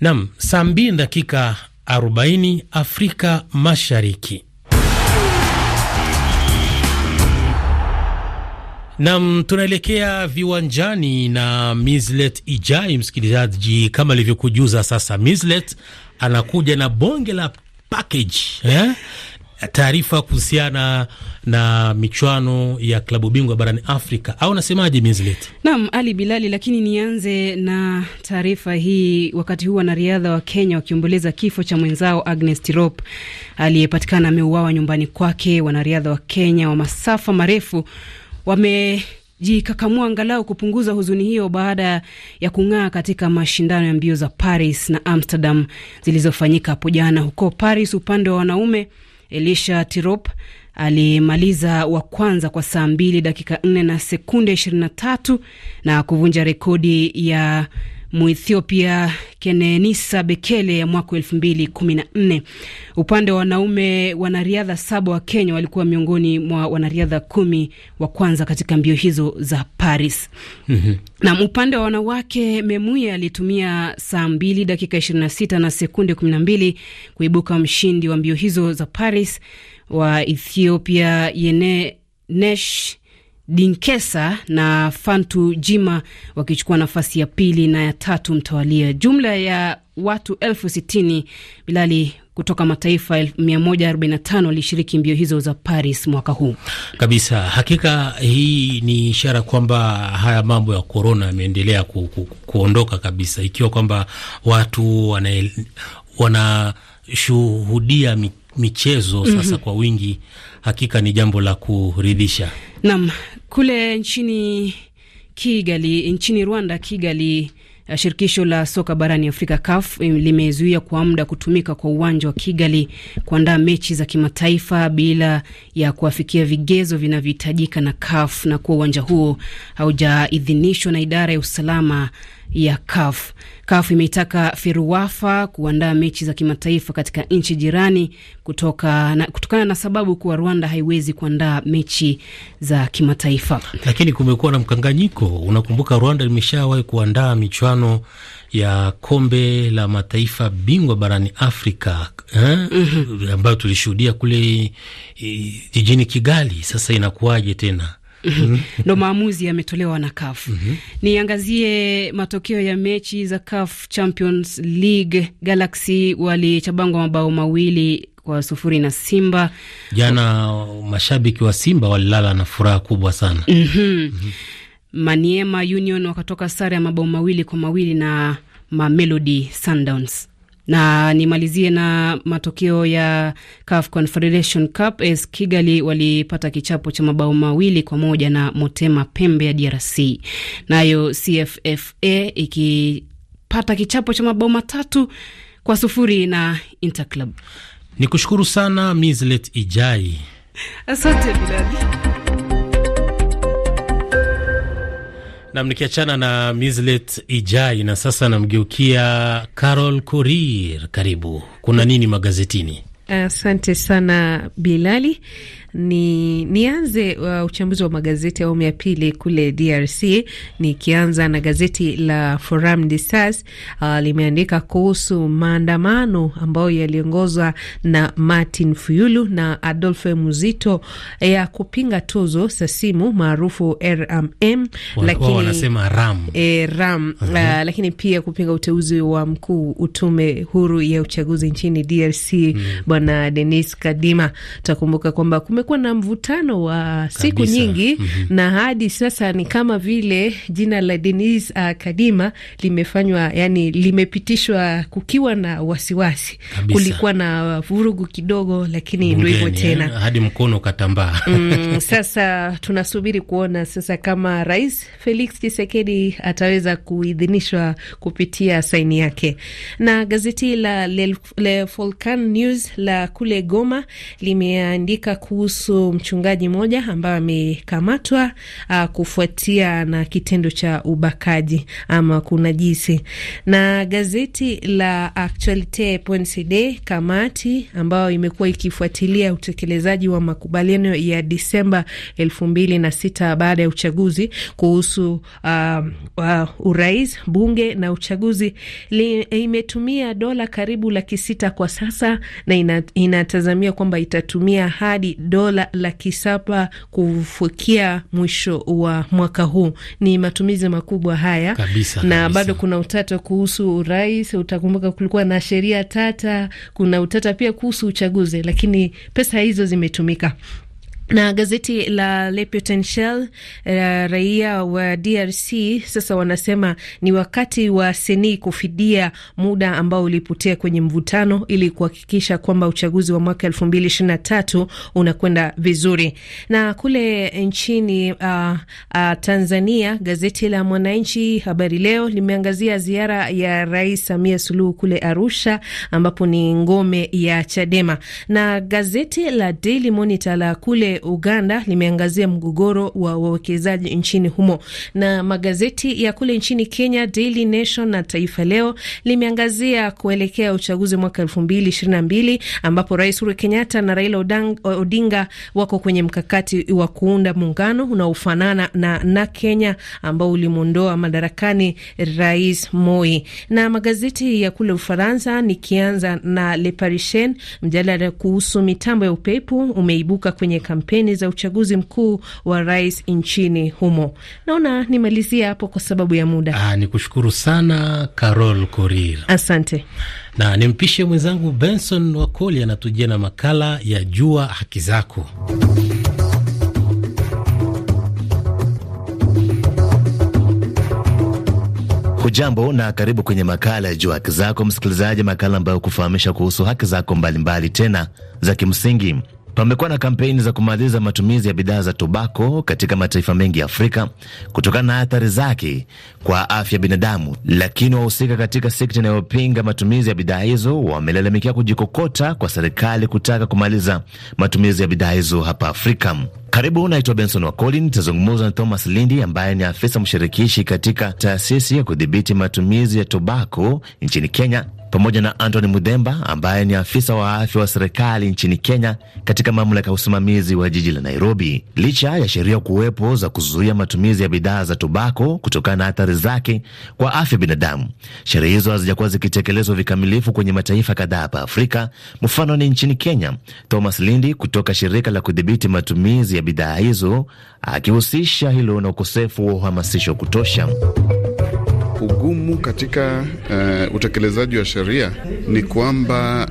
Nam, saa mbili dakika 40 Afrika Mashariki. Nam, tunaelekea viwanjani na Mislet Ijai. Msikilizaji, kama alivyokujuza sasa, Mislet anakuja na bonge la package eh? taarifa kuhusiana na michuano ya klabu bingwa barani Afrika au nasemaje? Naam, Ali Bilali, lakini nianze na taarifa hii. Wakati huu wanariadha wa Kenya wakiomboleza kifo cha mwenzao Agnes Tirop aliyepatikana ameuawa nyumbani kwake, wanariadha wa Kenya wa masafa marefu wame jikakamua angalau kupunguza huzuni hiyo baada ya kung'aa katika mashindano ya mbio za Paris na Amsterdam zilizofanyika hapo jana huko Paris upande wa wanaume. Elisha Tirop alimaliza wa kwanza kwa saa 2 dakika 4 na sekunde 23 na kuvunja rekodi ya Muethiopia Kenenisa Bekele ya mwaka elfu mbili kumi na nne. Upande wa wanaume, wanariadha saba wa Kenya walikuwa miongoni mwa wanariadha kumi wa kwanza katika mbio hizo za Paris. mm -hmm. Na upande wa wanawake, Memuye alitumia saa mbili dakika 26 na sekunde mbili kuibuka mshindi wa mbio hizo za Paris. Wa Ethiopia Yene Nesh Dinkesa na Fantu Jima wakichukua nafasi ya pili na ya tatu mtawalia. Jumla ya watu elfu sitini bilali kutoka mataifa 145 walishiriki mbio hizo za Paris mwaka huu kabisa. Hakika hii ni ishara kwamba haya mambo ya korona yameendelea ku, ku, kuondoka kabisa, ikiwa kwamba watu wanashuhudia wana michezo sasa mm -hmm. kwa wingi, hakika ni jambo la kuridhisha nam kule nchini Kigali, nchini Rwanda, Kigali, eh, shirikisho la soka barani Afrika CAF eh, limezuia kwa muda kutumika kwa uwanja wa Kigali kuandaa mechi za kimataifa bila ya kuafikia vigezo vinavyohitajika na CAF na kuwa uwanja huo haujaidhinishwa na idara ya usalama ya CAF. CAF imeitaka Firuwafa kuandaa mechi za kimataifa katika nchi jirani kutoka na, kutokana na sababu kuwa Rwanda haiwezi kuandaa mechi za kimataifa. Lakini kumekuwa na mkanganyiko. Unakumbuka Rwanda limeshawahi kuandaa michuano ya kombe la mataifa bingwa barani Afrika eh? mhm. ambayo tulishuhudia kule eh, jijini Kigali. Sasa inakuwaje tena? ndo mhm. maamuzi yametolewa na CAF. Mhm. Niangazie matokeo ya mechi za CAF Champions League. Galaxy walichabangwa mabao mawili kwa sufuri na Simba jana. Mashabiki wa Simba walilala na furaha kubwa sana. mm -hmm. Mm -hmm. Maniema Union wakatoka sare ya mabao mawili kwa mawili na Mamelodi Sundowns. Na nimalizie na matokeo ya CAF Confederation Cup, AS Kigali walipata kichapo cha mabao mawili kwa moja na Motema Pembe ya DRC, nayo CFFA ikipata kichapo cha mabao matatu kwa sufuri na Interclub. Ni kushukuru sana Mislet Ijai, asante Bilali. Nam, nikiachana na Mislet Ijai na sasa namgeukia Carol Korir. Karibu, kuna nini magazetini? Asante sana Bilali ni nianze uh, uchambuzi wa magazeti awamu ya pili kule DRC, nikianza na gazeti la Forum des As uh, limeandika kuhusu maandamano ambayo yaliongozwa na Martin Fayulu na Adolphe Muzito ya kupinga tuzo sasimu maarufu RAM, lakini wanasema RAM, e, eh, RAM uh lakini pia kupinga uteuzi wa mkuu utume huru ya uchaguzi nchini DRC mm. Bwana Denis Kadima, takumbuka kwamba kume kumekuwa na mvutano wa siku kabisa nyingi mm -hmm. na hadi sasa ni kama vile jina la Denis uh, ah, Kadima limefanywa yani, limepitishwa kukiwa na wasiwasi kabisa. Kulikuwa na vurugu kidogo, lakini ndio hivyo tena, eh, hadi mkono ukatambaa mm, sasa tunasubiri kuona sasa kama Rais Felix Tshisekedi ataweza kuidhinishwa kupitia saini yake. Na gazeti la Le, Le Volcan News la kule Goma limeandika kuhusu kuhusu mchungaji mmoja ambaye amekamatwa ah, kufuatia na kitendo cha ubakaji ama kunajisi. Na gazeti la Actualite.cd, kamati ambayo imekuwa ikifuatilia utekelezaji wa makubaliano ya Disemba elfu mbili na sita baada ya uchaguzi kuhusu uh, uh, urais, bunge na uchaguzi li, imetumia dola karibu laki sita kwa sasa na inatazamia kwamba itatumia hadi dola dola laki saba kufikia mwisho wa mwaka huu. Ni matumizi makubwa haya kabisa, na kabisa. Bado kuna utata kuhusu urais. Utakumbuka kulikuwa na sheria tata, kuna utata pia kuhusu uchaguzi, lakini pesa hizo zimetumika na gazeti la Le Potentiel, uh, raia wa DRC sasa wanasema ni wakati wa seni kufidia muda ambao ulipotea kwenye mvutano ili kuhakikisha kwamba uchaguzi wa mwaka elfu mbili ishirini na tatu unakwenda vizuri. Na kule nchini uh, uh, Tanzania, gazeti la Mwananchi Habari Leo limeangazia ziara ya Rais Samia Suluhu kule Arusha, ambapo ni ngome ya Chadema, na gazeti la Daily Monitor la kule Uganda limeangazia mgogoro wa wawekezaji nchini humo, na magazeti ya kule nchini Kenya, Daily Nation na Taifa Leo limeangazia kuelekea uchaguzi mwaka elfu mbili ishirini na mbili ambapo Rais Uhuru Kenyatta na Raila Odinga wako kwenye mkakati wa kuunda muungano unaofanana na, na Kenya ambao ulimwondoa madarakani Rais Moi. Na magazeti ya kule Ufaransa, nikianza na Le Parisien, mjadala kuhusu mitambo ya upepo umeibuka kwenye kampeni kampeni za uchaguzi mkuu wa rais nchini humo. Naona nimalizia hapo kwa sababu ya muda. Aa, ah, ni kushukuru sana Carol Korir, asante na nimpishe mwenzangu Benson Wakoli anatujia na makala ya Jua Haki Zako. Hujambo na karibu kwenye makala ya Jua Haki Zako, msikilizaji, makala ambayo kufahamisha kuhusu haki zako mbalimbali mbali, tena za kimsingi. Pamekuwa na kampeni za kumaliza matumizi ya bidhaa za tobako katika mataifa mengi ya Afrika kutokana na athari zake kwa afya ya binadamu, lakini wahusika katika sekta inayopinga matumizi ya bidhaa hizo wamelalamikia kujikokota kwa serikali kutaka kumaliza matumizi ya bidhaa hizo hapa Afrika. Karibu, naitwa Benson Wakoli. Nitazungumza na Thomas Lindi ambaye ni afisa mshirikishi katika taasisi ya kudhibiti matumizi ya tobako nchini Kenya pamoja na antony Mudhemba ambaye ni afisa wa afya wa serikali nchini Kenya katika mamlaka ya usimamizi wa jiji la Nairobi. Licha ya sheria kuwepo za kuzuia matumizi ya bidhaa za tobako kutokana na athari zake kwa afya binadamu, sheria hizo hazijakuwa zikitekelezwa vikamilifu kwenye mataifa kadhaa hapa Afrika. Mfano ni nchini Kenya. Thomas Lindi kutoka shirika la kudhibiti matumizi ya bidhaa hizo akihusisha hilo na ukosefu wa uhamasisho wa kutosha ugumu katika uh, utekelezaji wa sheria ni kwamba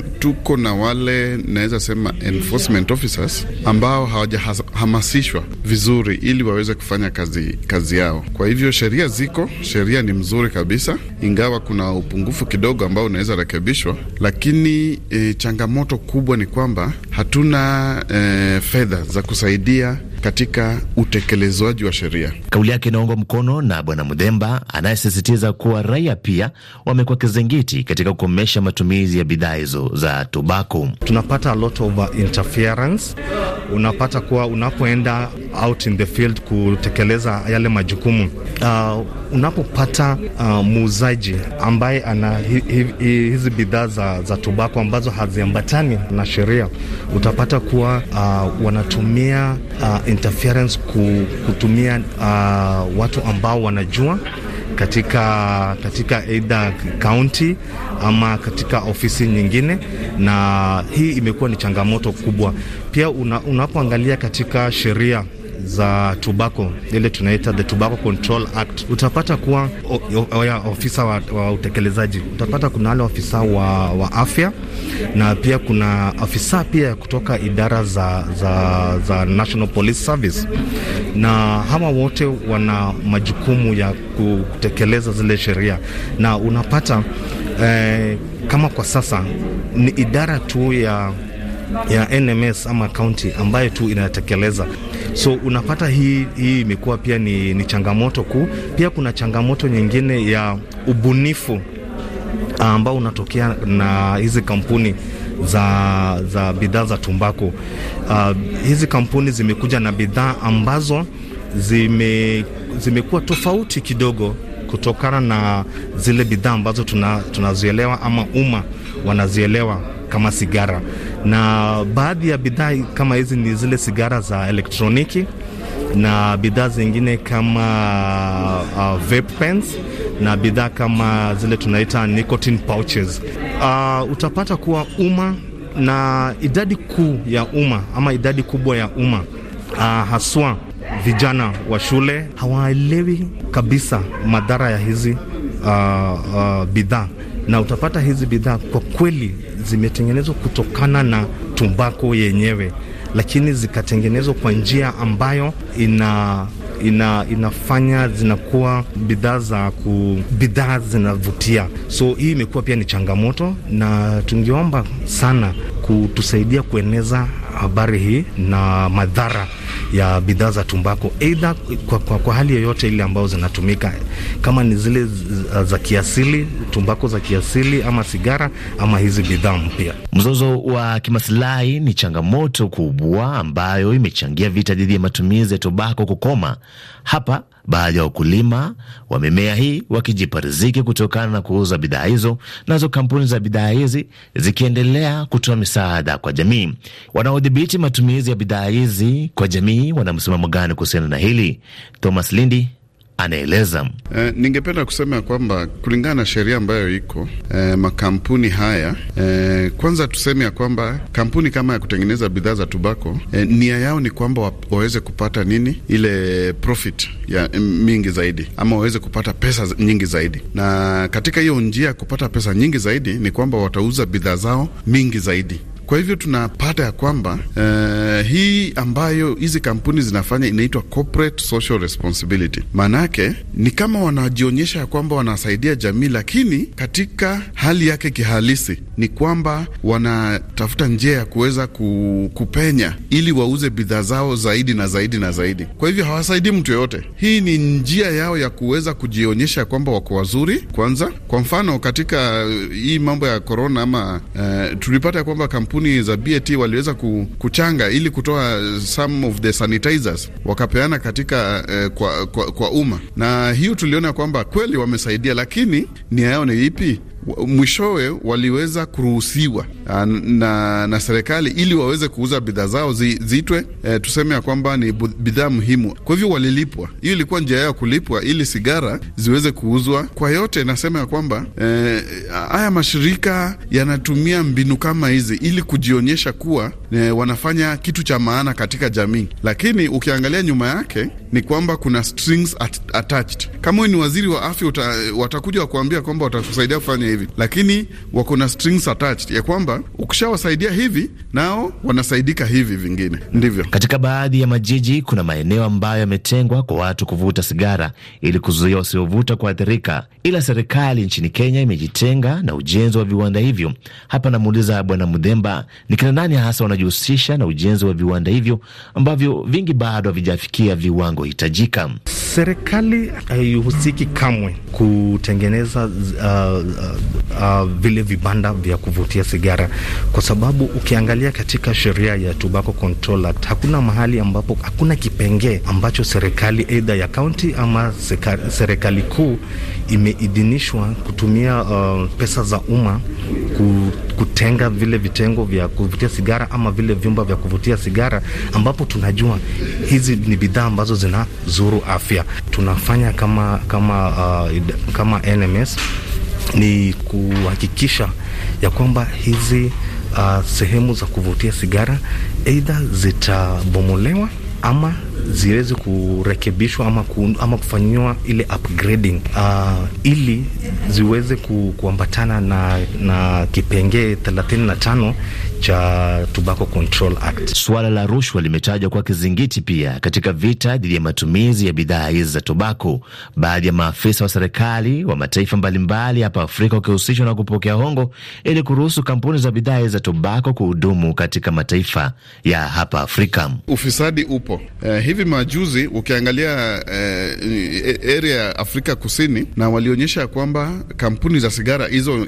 tuko na wale naweza sema enforcement officers ambao hawajahamasishwa vizuri ili waweze kufanya kazi, kazi yao. Kwa hivyo sheria ziko, sheria ni mzuri kabisa, ingawa kuna upungufu kidogo ambao unaweza rekebishwa, lakini e, changamoto kubwa ni kwamba hatuna e, fedha za kusaidia katika utekelezwaji wa sheria. Kauli yake inaungwa mkono na Bwana Mudhemba anayesisitiza kuwa raia pia wamekuwa kizingiti katika kukomesha matumizi ya bidhaa hizo za tobako. Tunapata a lot of uh, interference. Unapata kuwa unapoenda out in the field kutekeleza yale majukumu uh, unapopata uh, muuzaji ambaye ana hi, hi, hi, hizi bidhaa za, za tobako ambazo haziambatani na sheria, utapata kuwa uh, wanatumia uh, interference kutumia uh, watu ambao wanajua katika katika aidha kaunti ama katika ofisi nyingine, na hii imekuwa ni changamoto kubwa. Pia una, unapoangalia katika sheria za tobacco, ile tunaita the Tobacco Control Act, utapata kuwa o, o, ya, ofisa wa, wa utekelezaji, utapata kuna wale ofisa wa, wa afya na pia kuna afisa pia kutoka idara za, za, za National Police Service, na hawa wote wana majukumu ya kutekeleza zile sheria na unapata eh, kama kwa sasa ni idara tu ya ya NMS ama kaunti ambayo tu inatekeleza So unapata hii hii imekuwa pia ni, ni changamoto kuu. Pia kuna changamoto nyingine ya ubunifu ah, ambao unatokea na hizi kampuni za, za bidhaa za tumbaku. Uh, hizi kampuni zimekuja na bidhaa ambazo zime, zimekuwa tofauti kidogo kutokana na zile bidhaa ambazo tuna, tunazielewa ama umma wanazielewa kama sigara na baadhi ya bidhaa kama hizi ni zile sigara za elektroniki na bidhaa zingine kama uh, vape pens na bidhaa kama zile tunaita nicotine pouches. Uh, utapata kuwa umma na idadi kuu ya umma ama idadi kubwa ya umma uh, haswa vijana wa shule hawaelewi kabisa madhara ya hizi uh, uh, bidhaa na utapata hizi bidhaa kwa kweli zimetengenezwa kutokana na tumbako yenyewe, lakini zikatengenezwa kwa njia ambayo ina ina inafanya zinakuwa bidhaa za ku bidhaa zinavutia. So hii imekuwa pia ni changamoto, na tungeomba sana kutusaidia kueneza habari hii na madhara ya bidhaa za tumbako, aidha kwa, kwa, kwa hali yoyote ile ambazo zinatumika, kama ni zile za kiasili, tumbako za kiasili ama sigara ama hizi bidhaa mpya. Mzozo wa kimasilahi ni changamoto kubwa ambayo imechangia vita dhidi ya matumizi ya tobako kukoma hapa baadhi ya wakulima wa mimea hii wakijipa riziki kutokana na kuuza bidhaa hizo, nazo kampuni za bidhaa hizi zikiendelea kutoa misaada kwa jamii. Wanaodhibiti matumizi ya bidhaa hizi kwa jamii wana msimamo gani kuhusiana na hili? Thomas Lindi anaeleza. E, ningependa kusema kwamba kulingana na sheria ambayo iko e, makampuni haya e, kwanza tuseme ya kwamba kampuni kama ya kutengeneza bidhaa za tubako e, nia yao ni kwamba waweze kupata nini ile profit ya mingi zaidi, ama waweze kupata pesa nyingi zaidi, na katika hiyo njia ya kupata pesa nyingi zaidi ni kwamba watauza bidhaa zao mingi zaidi kwa hivyo tunapata ya kwamba uh, hii ambayo hizi kampuni zinafanya inaitwa corporate social responsibility, maanake ni kama wanajionyesha ya kwamba wanasaidia jamii, lakini katika hali yake kihalisi ni kwamba wanatafuta njia ya kuweza kupenya ili wauze bidhaa zao zaidi na zaidi na zaidi. Kwa hivyo hawasaidii mtu yoyote. Hii ni njia yao ya kuweza kujionyesha ya kwamba wako wazuri kwanza. Kwa mfano katika eh, hii mambo ya korona ama uh, tulipata ya kwamba kampuni kampuni za BAT waliweza kuchanga ili kutoa some of the sanitizers wakapeana katika eh, kwa, kwa, kwa umma, na hiyo tuliona kwamba kweli wamesaidia, lakini nia yao ni ipi? mwishowe waliweza kuruhusiwa ah, na, na serikali ili waweze kuuza bidhaa zao ziitwe e, tuseme ya kwamba ni bidhaa muhimu. Kwa hivyo walilipwa, hiyo ilikuwa njia yao kulipwa ili sigara ziweze kuuzwa kwa yote. Nasema ya kwamba eh, haya e, mashirika yanatumia mbinu kama hizi ili kujionyesha kuwa ne, eh, wanafanya kitu cha maana katika jamii, lakini ukiangalia nyuma yake ni kwamba kuna strings at, attached. Kama ni waziri wa afya watakuja wakuambia kwamba watakusaidia kufanya hivi, lakini wako na strings attached ya kwamba ukishawasaidia hivi nao wanasaidika hivi vingine. Ndivyo katika baadhi ya majiji kuna maeneo ambayo yametengwa kwa watu kuvuta sigara ili kuzuia wasiovuta kuathirika, ila serikali nchini Kenya imejitenga na ujenzi wa viwanda hivyo. Hapa namuuliza Bwana Mudhemba, ni kina nani hasa wana wanajihusisha na ujenzi wa viwanda hivyo ambavyo vingi bado havijafikia viwango hitajika. Serikali haihusiki kamwe kutengeneza uh, uh, uh, vile vibanda vya kuvutia sigara, kwa sababu ukiangalia katika sheria ya Tobacco Control Act hakuna mahali ambapo hakuna kipengee ambacho serikali aidha ya kaunti ama serikali kuu imeidhinishwa kutumia uh, pesa za umma kutenga vile vitengo vya kuvutia sigara ama vile vyumba vya kuvutia sigara, ambapo tunajua hizi ni bidhaa ambazo zinazuru afya. Tunafanya kama kama uh, kama NMS ni kuhakikisha ya kwamba hizi uh, sehemu za kuvutia sigara aidha zitabomolewa ama ziweze kurekebishwa ama, ku, ama kufanyiwa ile upgrading uh, ili ziweze ku, kuambatana na, na kipengee 35 cha Tobacco Control Act. Suala la rushwa limetajwa kwa kizingiti pia katika vita dhidi ya matumizi ya bidhaa hizi za tobako, baadhi ya maafisa wa serikali wa mataifa mbalimbali hapa Afrika wakihusishwa na kupokea hongo ili kuruhusu kampuni za bidhaa hizi za tobako kuhudumu katika mataifa ya hapa Afrika. Ufisadi upo. eh, hivi majuzi ukiangalia eh, e, area ya Afrika Kusini, na walionyesha kwamba kampuni za sigara hizo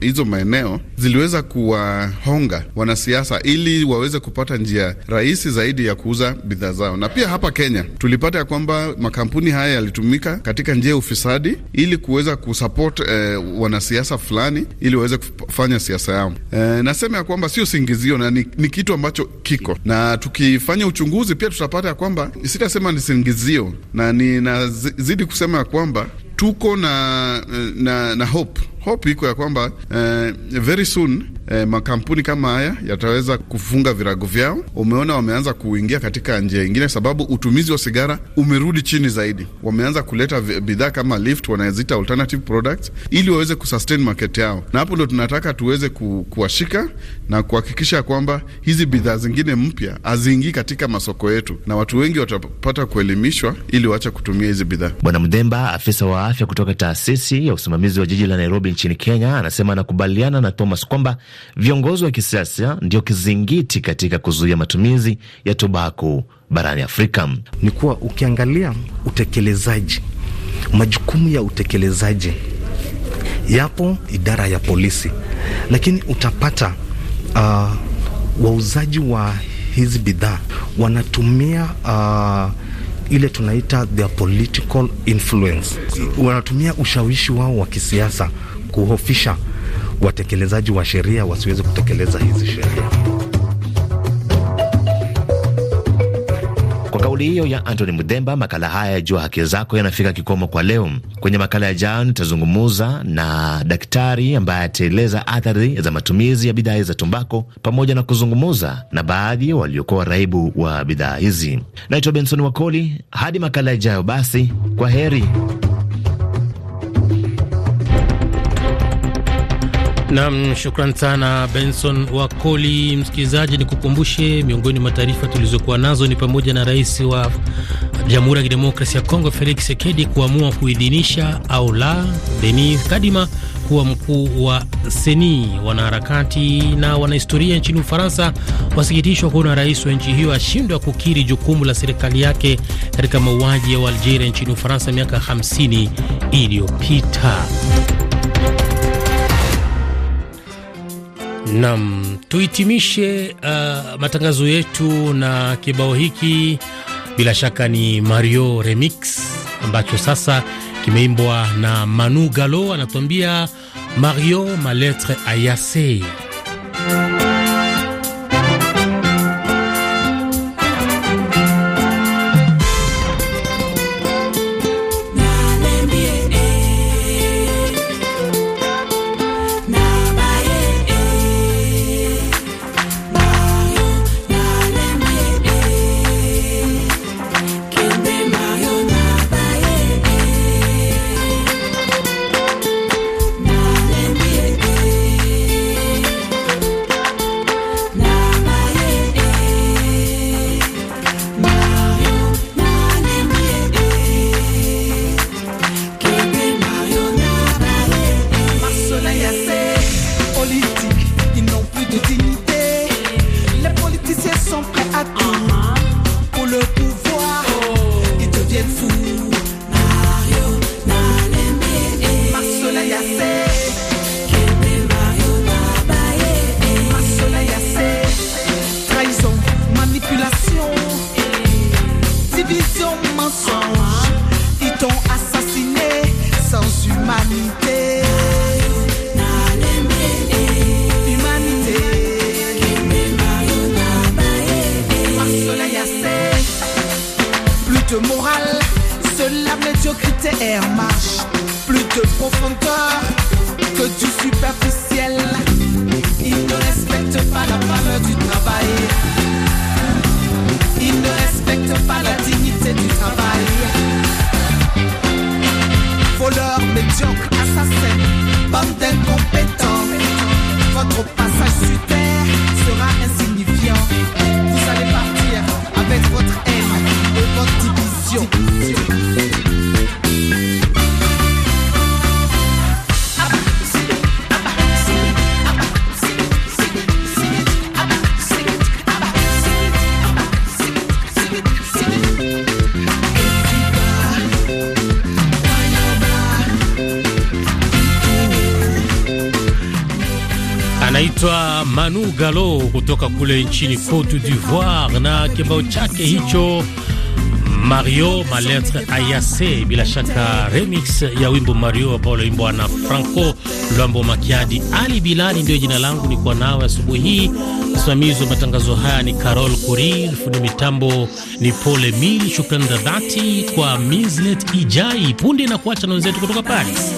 hizo maeneo ziliweza kuwahonga wanasiasa ili waweze kupata njia rahisi zaidi ya kuuza bidhaa zao. Na pia hapa Kenya tulipata ya kwamba makampuni haya yalitumika katika njia ya ufisadi ili kuweza kusupport eh, wanasiasa fulani ili waweze kufanya siasa yao. Eh, nasema ya kwamba sio singizio na ni, ni kitu ambacho kiko na tukifanya uchunguzi pia tutapata ya kwamba sitasema ni singizio na ninazidi kusema ya kwamba tuko na, eh, na, na hope hope iko ya kwamba eh, very soon eh, makampuni kama haya yataweza kufunga virago vyao. Umeona wameanza kuingia katika njia ingine, sababu utumizi wa sigara umerudi chini zaidi. Wameanza kuleta bidhaa kama Lift, wanazita alternative products, ili waweze kusustain market yao, na hapo ndo tunataka tuweze ku, kuwashika na kuhakikisha kwamba hizi bidhaa zingine mpya haziingii katika masoko yetu, na watu wengi watapata kuelimishwa ili waache kutumia hizi bidhaa. Bwana Mdemba, afisa wa afya kutoka taasisi ya usimamizi wa jiji la Nairobi nchini Kenya anasema anakubaliana na Thomas kwamba viongozi wa kisiasa ndio kizingiti katika kuzuia matumizi ya tobako barani Afrika. Ni kuwa ukiangalia utekelezaji, majukumu ya utekelezaji yapo idara ya polisi, lakini utapata uh, wauzaji wa hizi bidhaa wanatumia uh, ile tunaita their political influence, wanatumia ushawishi wao wa kisiasa kuhofisha watekelezaji wa sheria wasiweze kutekeleza hizi sheria. Kwa kauli hiyo ya Antony Mudhemba, makala haya ya Jua Haki Zako yanafika kikomo kwa leo. Kwenye makala ya nitazungumuza na daktari ambaye ataeleza athari za matumizi ya bidhaa za tumbako pamoja na kuzungumuza na baadhi waliokuwa rahibu wa bidhaa hizi. Naitwa Benson Wakoli, hadi makala yajayo, basi kwa heri. Nam, shukran sana Benson Wakoli. Msikilizaji, ni kukumbushe miongoni mwa taarifa tulizokuwa nazo ni pamoja na rais wa Jamhuri ya Kidemokrasi ya Kongo Felix Tshisekedi kuamua kuidhinisha au la Denis Kadima kuwa mkuu wa Seni. Wanaharakati na wanahistoria nchini Ufaransa wasikitishwa kuona rais wa nchi hiyo ashindwa kukiri jukumu la serikali yake katika mauaji ya Waalgeria nchini Ufaransa miaka 50 iliyopita. Nam, tuhitimishe uh, matangazo yetu na kibao hiki, bila shaka ni Mario Remix ambacho sasa kimeimbwa na Manu Galo, anatuambia Mario maletre lettre ayase anaitwa Manu Galo kutoka kule nchini Cote d'Ivoire na kibao chake hicho Mario Maletre Ayase, bila shaka remix ya wimbo Mario ambao ulioimbwa na Franco Lwambo Makiadi. Ali Bilali ndio jina langu, ni kwa nawe asubuhi hii. Msimamizi wa matangazo haya ni Carol Korir, fundi mitambo ni Pole Mil. Shukrani za dhati kwa Mislet Ijai. Punde na kuacha na wenzetu kutoka Paris.